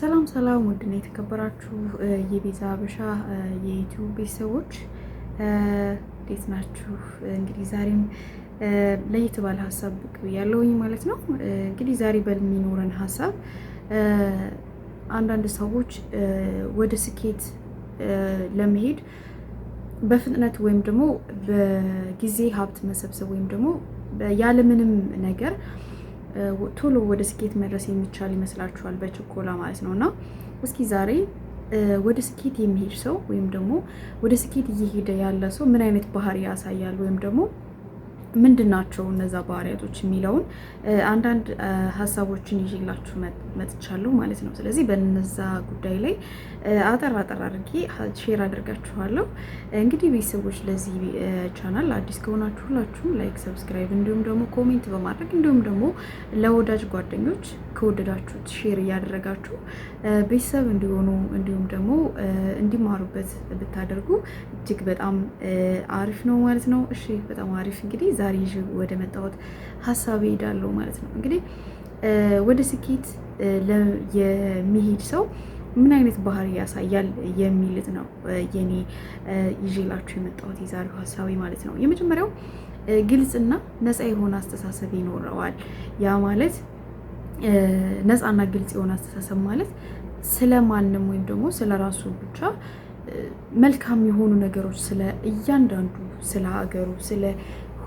ሰላም ሰላም፣ ውድና የተከበራችሁ የቤዛ ሀበሻ የዩቲዩብ ቤተሰቦች እንዴት ናችሁ? እንግዲህ ዛሬም ለየት ባለ ሀሳብ ብቅ ያለውኝ ማለት ነው። እንግዲህ ዛሬ በሚኖረን ሀሳብ አንዳንድ ሰዎች ወደ ስኬት ለመሄድ በፍጥነት ወይም ደግሞ በጊዜ ሀብት መሰብሰብ ወይም ደግሞ ያለምንም ነገር ቶሎ ወደ ስኬት መድረስ የሚቻል ይመስላችኋል? በችኮላ ማለት ነው። እና እስኪ ዛሬ ወደ ስኬት የሚሄድ ሰው ወይም ደግሞ ወደ ስኬት እየሄደ ያለ ሰው ምን አይነት ባህሪ ያሳያል ወይም ደግሞ ምንድን ናቸው እነዛ ባህሪያቶች የሚለውን አንዳንድ ሀሳቦችን ይዤላችሁ መጥቻለሁ ማለት ነው። ስለዚህ በነዛ ጉዳይ ላይ አጠር አጠር አድርጌ ሼር አድርጋችኋለሁ። እንግዲህ ቤተሰቦች ለዚህ ቻናል አዲስ ከሆናችሁ ሁላችሁም ላይክ፣ ሰብስክራይብ እንዲሁም ደግሞ ኮሜንት በማድረግ እንዲሁም ደግሞ ለወዳጅ ጓደኞች ከወደዳችሁት ሼር እያደረጋችሁ ቤተሰብ እንዲሆኑ እንዲሁም ደግሞ እንዲማሩበት ብታደርጉ እጅግ በጣም አሪፍ ነው ማለት ነው። እሺ በጣም አሪፍ እንግዲህ ዛሬ ይዤ ወደ መጣሁት ሀሳብ እሄዳለሁ ማለት ነው። እንግዲህ ወደ ስኬት የሚሄድ ሰው ምን አይነት ባህሪ ያሳያል የሚልት ነው የኔ ይዤላችሁ የመጣሁት የዛሬው ሀሳቢ ማለት ነው። የመጀመሪያው ግልጽና ነፃ የሆነ አስተሳሰብ ይኖረዋል። ያ ማለት ነፃና ግልጽ የሆነ አስተሳሰብ ማለት ስለ ማንም ወይም ደግሞ ስለ ራሱ ብቻ መልካም የሆኑ ነገሮች ስለ እያንዳንዱ ስለ ሀገሩ ስለ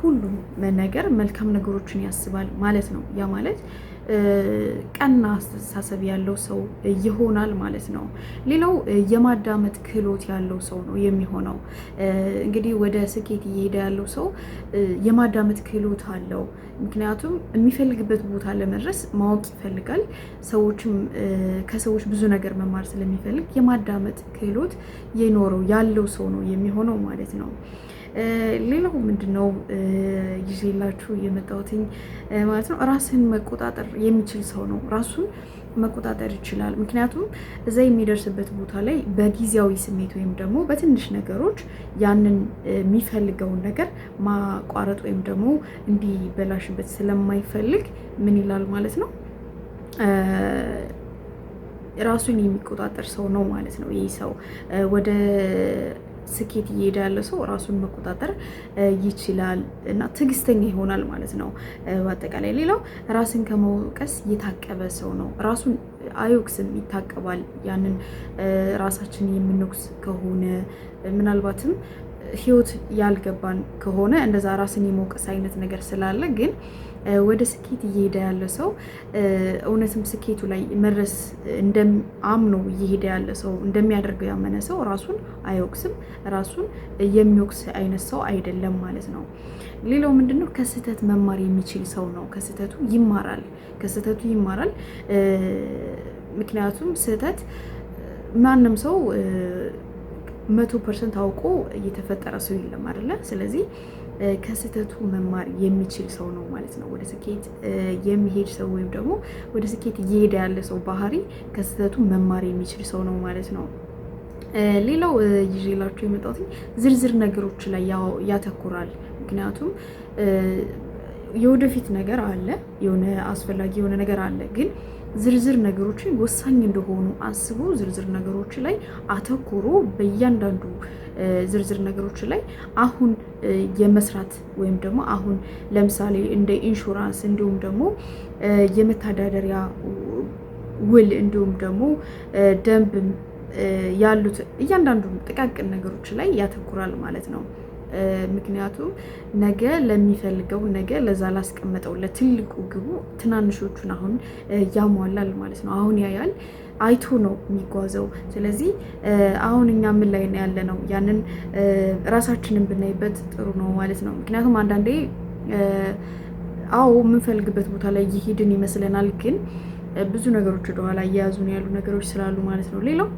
ሁሉም ነገር መልካም ነገሮችን ያስባል ማለት ነው። ያ ማለት ቀና አስተሳሰብ ያለው ሰው ይሆናል ማለት ነው። ሌላው የማዳመጥ ክህሎት ያለው ሰው ነው የሚሆነው። እንግዲህ ወደ ስኬት እየሄደ ያለው ሰው የማዳመጥ ክህሎት አለው። ምክንያቱም የሚፈልግበት ቦታ ለመድረስ ማወቅ ይፈልጋል። ሰዎችም ከሰዎች ብዙ ነገር መማር ስለሚፈልግ የማዳመጥ ክህሎት የኖረው ያለው ሰው ነው የሚሆነው ማለት ነው። ሌላው ምንድን ነው ይዤላችሁ የመጣሁትኝ ማለት ነው ራስን መቆጣጠር የሚችል ሰው ነው ራሱን መቆጣጠር ይችላል። ምክንያቱም እዛ የሚደርስበት ቦታ ላይ በጊዜያዊ ስሜት ወይም ደግሞ በትንሽ ነገሮች ያንን የሚፈልገውን ነገር ማቋረጥ ወይም ደግሞ እንዲበላሽበት ስለማይፈልግ ምን ይላል ማለት ነው ራሱን የሚቆጣጠር ሰው ነው ማለት ነው ይህ ሰው ወደ ስኬት እየሄደ ያለ ሰው ራሱን መቆጣጠር ይችላል እና ትዕግስተኛ ይሆናል ማለት ነው። በአጠቃላይ ሌላው ራስን ከመውቀስ የታቀበ ሰው ነው። ራሱን አይወቅስም፣ ይታቀባል። ያንን ራሳችን የምንወቅስ ከሆነ ምናልባትም ህይወት ያልገባን ከሆነ እንደዛ ራስን የመውቀስ አይነት ነገር ስላለ ግን ወደ ስኬት እየሄደ ያለ ሰው እውነትም ስኬቱ ላይ መድረስ እንደአምኖ እየሄደ ያለ ሰው እንደሚያደርገው ያመነ ሰው ራሱን አይወቅስም። ራሱን የሚወቅስ አይነት ሰው አይደለም ማለት ነው። ሌላው ምንድነው? ከስህተት መማር የሚችል ሰው ነው። ከስህተቱ ይማራል። ከስህተቱ ይማራል። ምክንያቱም ስህተት ማንም ሰው መቶ ፐርሰንት አውቆ እየተፈጠረ ሰው የለም አይደለ? ስለዚህ ከስህተቱ መማር የሚችል ሰው ነው ማለት ነው። ወደ ስኬት የሚሄድ ሰው ወይም ደግሞ ወደ ስኬት እየሄደ ያለ ሰው ባህሪ ከስህተቱ መማር የሚችል ሰው ነው ማለት ነው። ሌላው ይዤላችሁ የመጣሁት ዝርዝር ነገሮች ላይ ያተኩራል። ምክንያቱም የወደፊት ነገር አለ፣ የሆነ አስፈላጊ የሆነ ነገር አለ ግን ዝርዝር ነገሮችን ወሳኝ እንደሆኑ አስቦ ዝርዝር ነገሮች ላይ አተኩሮ በእያንዳንዱ ዝርዝር ነገሮች ላይ አሁን የመስራት ወይም ደግሞ አሁን ለምሳሌ እንደ ኢንሹራንስ እንዲሁም ደግሞ የመተዳደሪያ ውል እንዲሁም ደግሞ ደንብ ያሉት እያንዳንዱ ጥቃቅን ነገሮች ላይ ያተኩራል ማለት ነው። ምክንያቱም ነገ ለሚፈልገው ነገ ለዛ ላስቀመጠው ለትልቁ ግቡ ትናንሾቹን አሁን ያሟላል ማለት ነው። አሁን ያያል አይቶ ነው የሚጓዘው። ስለዚህ አሁን እኛ ምን ላይ ነው ያለ ነው ያንን ራሳችንን ብናይበት ጥሩ ነው ማለት ነው። ምክንያቱም አንዳንዴ አዎ የምንፈልግበት ቦታ ላይ ይሄድን ይመስለናል፣ ግን ብዙ ነገሮች ወደኋላ እየያዙን ያሉ ነገሮች ስላሉ ማለት ነው። ሌላው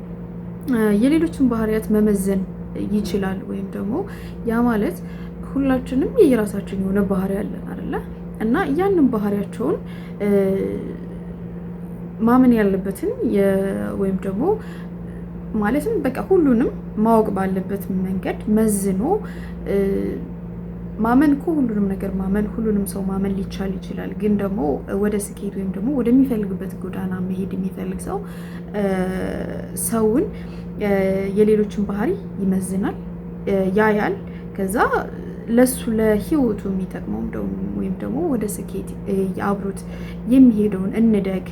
የሌሎችን ባህሪያት መመዘን ይችላል። ወይም ደግሞ ያ ማለት ሁላችንም የየራሳችን የሆነ ባህሪ ያለን አይደለ እና ያንን ባህሪያቸውን ማመን ያለበትን ወይም ደግሞ ማለትም በቃ ሁሉንም ማወቅ ባለበት መንገድ መዝኖ ማመን እኮ ሁሉንም ነገር ማመን ሁሉንም ሰው ማመን ሊቻል ይችላል። ግን ደግሞ ወደ ስኬት ወይም ደግሞ ወደሚፈልግበት ጎዳና መሄድ የሚፈልግ ሰው ሰውን የሌሎችን ባህሪ ይመዝናል፣ ያያል ከዛ ለሱ ለህይወቱ የሚጠቅመው ወይም ደግሞ ወደ ስኬት አብሮት የሚሄደውን እንደግ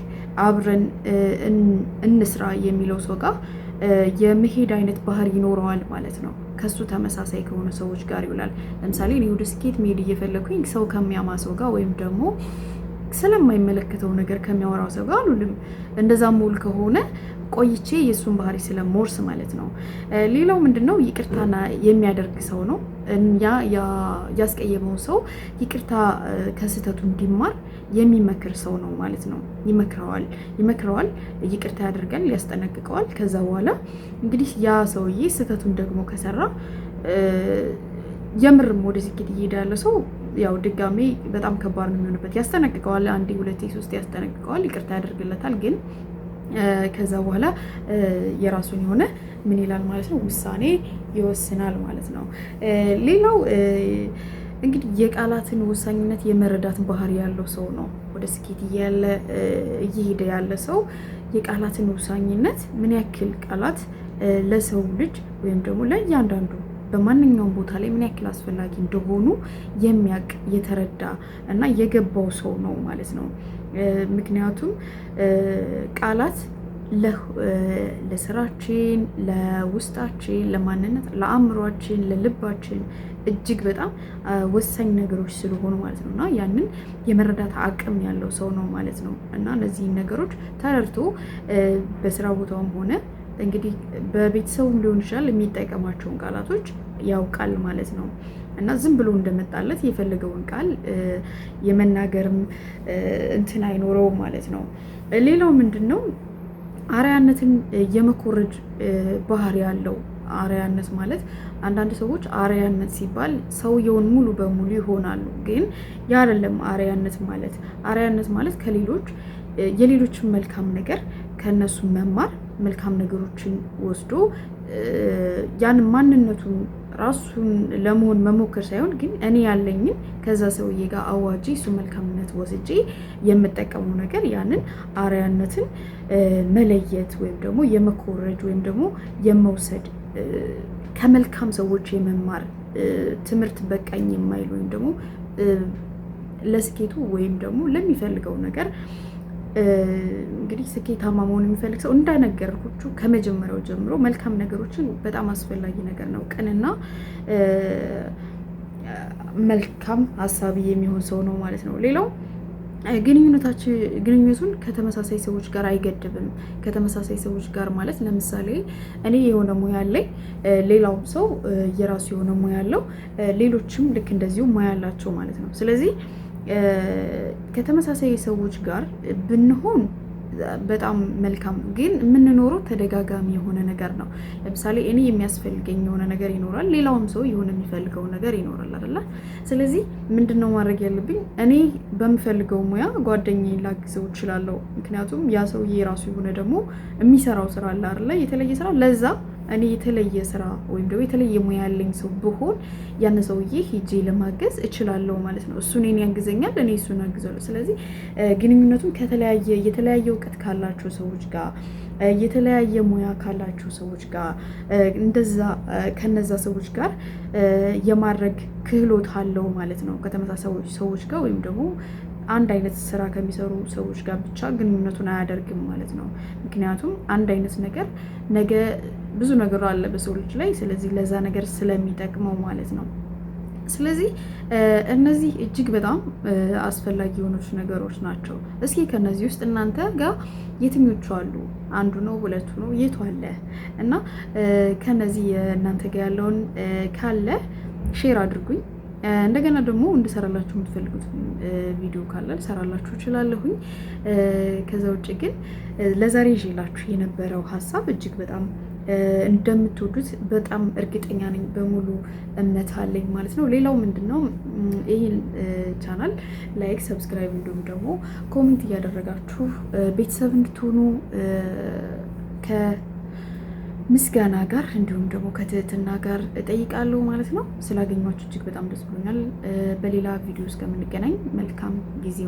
አብረን እንስራ የሚለው ሰው ጋር የመሄድ አይነት ባህሪ ይኖረዋል ማለት ነው። ከሱ ተመሳሳይ ከሆኑ ሰዎች ጋር ይውላል። ለምሳሌ እኔ ወደ ስኬት መሄድ እየፈለግኩኝ ሰው ከሚያማ ሰው ጋር ወይም ደግሞ ስለማይመለከተው ነገር ከሚያወራው ሰው ጋር አሉልም። እንደዛ ሙል ከሆነ ቆይቼ የእሱን ባህሪ ስለሞርስ ማለት ነው። ሌላው ምንድን ነው ይቅርታና የሚያደርግ ሰው ነው። እኛ ያስቀየመው ሰው ይቅርታ ከስህተቱ እንዲማር የሚመክር ሰው ነው ማለት ነው። ይመክረዋል ይመክረዋል፣ ይቅርታ ያደርጋል፣ ያስጠነቅቀዋል። ከዛ በኋላ እንግዲህ ያ ሰውዬ ስህተቱን ደግሞ ከሰራ የምርም ወደ ስኬት እየሄደ ያለ ሰው ያው ድጋሜ በጣም ከባድ ነው የሚሆንበት። ያስጠነቅቀዋል፣ አንዴ ሁለቴ ሶስቴ ያስጠነቅቀዋል፣ ይቅርታ ያደርግለታል ግን ከዛ በኋላ የራሱን የሆነ ምን ይላል ማለት ነው ውሳኔ ይወስናል ማለት ነው። ሌላው እንግዲህ የቃላትን ወሳኝነት የመረዳት ባህሪ ያለው ሰው ነው። ወደ ስኬት እያለ እየሄደ ያለ ሰው የቃላትን ወሳኝነት ምን ያክል ቃላት ለሰው ልጅ ወይም ደግሞ ለእያንዳንዱ በማንኛውም ቦታ ላይ ምን ያክል አስፈላጊ እንደሆኑ የሚያውቅ የተረዳ እና የገባው ሰው ነው ማለት ነው። ምክንያቱም ቃላት ለስራችን፣ ለውስጣችን፣ ለማንነት፣ ለአእምሯችን፣ ለልባችን እጅግ በጣም ወሳኝ ነገሮች ስለሆኑ ማለት ነው እና ያንን የመረዳት አቅም ያለው ሰው ነው ማለት ነው እና እነዚህን ነገሮች ተረድቶ በስራ ቦታውም ሆነ እንግዲህ በቤተሰቡም ሊሆን ይችላል የሚጠቀማቸውን ቃላቶች ያውቃል ማለት ነው እና ዝም ብሎ እንደመጣለት የፈለገውን ቃል የመናገርም እንትን አይኖረውም ማለት ነው። ሌላው ምንድን ነው አርያነትን የመኮረጅ ባህሪ ያለው አርያነት ማለት አንዳንድ ሰዎች አርያነት ሲባል ሰውየውን ሙሉ በሙሉ ይሆናሉ። ግን ያ አይደለም ማለት። አርያነት ማለት ከሌሎች የሌሎችን መልካም ነገር ከእነሱ መማር መልካም ነገሮችን ወስዶ ያን ማንነቱን ራሱን ለመሆን መሞከር ሳይሆን ግን እኔ ያለኝን ከዛ ሰውዬ ጋር አዋጂ እሱ መልካምነት ወስጄ የምጠቀመው ነገር ያንን አርያነትን መለየት ወይም ደግሞ የመኮረጅ ወይም ደግሞ የመውሰድ ከመልካም ሰዎች የመማር ትምህርት በቃኝ የማይል ወይም ደግሞ ለስኬቱ ወይም ደግሞ ለሚፈልገው ነገር እንግዲህ ስኬታማ መሆን የሚፈልግ ሰው እንዳነገርኩቹ ከመጀመሪያው ጀምሮ መልካም ነገሮችን በጣም አስፈላጊ ነገር ነው። ቅንና መልካም ሀሳቢ የሚሆን ሰው ነው ማለት ነው። ሌላው ግንኙነቱን ከተመሳሳይ ሰዎች ጋር አይገድብም። ከተመሳሳይ ሰዎች ጋር ማለት ለምሳሌ እኔ የሆነ ሙያ አለኝ፣ ሌላውም ሰው የራሱ የሆነ ሙያ አለው፣ ሌሎችም ልክ እንደዚሁ ሙያ አላቸው ማለት ነው። ስለዚህ ከተመሳሳይ ሰዎች ጋር ብንሆን በጣም መልካም ግን የምንኖረው ተደጋጋሚ የሆነ ነገር ነው። ለምሳሌ እኔ የሚያስፈልገኝ የሆነ ነገር ይኖራል፣ ሌላውም ሰው የሆነ የሚፈልገው ነገር ይኖራል አይደለ? ስለዚህ ምንድን ማድረግ ያለብኝ? እኔ በምፈልገው ሙያ ጓደኛዬ ላግዘው እችላለሁ። ምክንያቱም ያ ሰውዬ የራሱ የሆነ ደግሞ የሚሰራው ስራ አለ አይደለ? የተለየ ስራ ለዛ እኔ የተለየ ስራ ወይም ደግሞ የተለየ ሙያ ያለኝ ሰው ብሆን ያን ሰውዬ ሂጄ ለማገዝ እችላለሁ ማለት ነው። እሱ እኔን ያግዘኛል፣ እኔ እሱን አግዛለሁ። ስለዚህ ግንኙነቱን ከተለያየ የተለያየ እውቀት ካላቸው ሰዎች ጋር የተለያየ ሙያ ካላቸው ሰዎች ጋር እንደዛ ከነዛ ሰዎች ጋር የማድረግ ክህሎት አለው ማለት ነው። ከተመሳሳይ ሰዎች ጋር ወይም ደግሞ አንድ አይነት ስራ ከሚሰሩ ሰዎች ጋር ብቻ ግንኙነቱን አያደርግም ማለት ነው። ምክንያቱም አንድ አይነት ነገር ነገ ብዙ ነገር አለ በሰው ልጅ ላይ። ስለዚህ ለዛ ነገር ስለሚጠቅመው ማለት ነው። ስለዚህ እነዚህ እጅግ በጣም አስፈላጊ የሆኑት ነገሮች ናቸው። እስኪ ከነዚህ ውስጥ እናንተ ጋር የትኞቹ አሉ? አንዱ ነው፣ ሁለቱ ነው፣ የቱ አለ? እና ከነዚህ እናንተ ጋር ያለውን ካለ ሼር አድርጉኝ። እንደገና ደግሞ እንድሰራላችሁ የምትፈልጉት ቪዲዮ ካለ ልሰራላችሁ እችላለሁኝ። ከዛ ውጭ ግን ለዛሬ ይዤላችሁ የነበረው ሀሳብ እጅግ በጣም እንደምትወዱት በጣም እርግጠኛ ነኝ፣ በሙሉ እምነት አለኝ ማለት ነው። ሌላው ምንድን ነው ይህን ቻናል ላይክ፣ ሰብስክራይብ እንዲሁም ደግሞ ኮሜንት እያደረጋችሁ ቤተሰብ እንድትሆኑ ከምስጋና ጋር እንዲሁም ደግሞ ከትህትና ጋር እጠይቃለሁ ማለት ነው። ስላገኟችሁ እጅግ በጣም ደስ ብሎኛል። በሌላ ቪዲዮ እስከምንገናኝ መልካም ጊዜ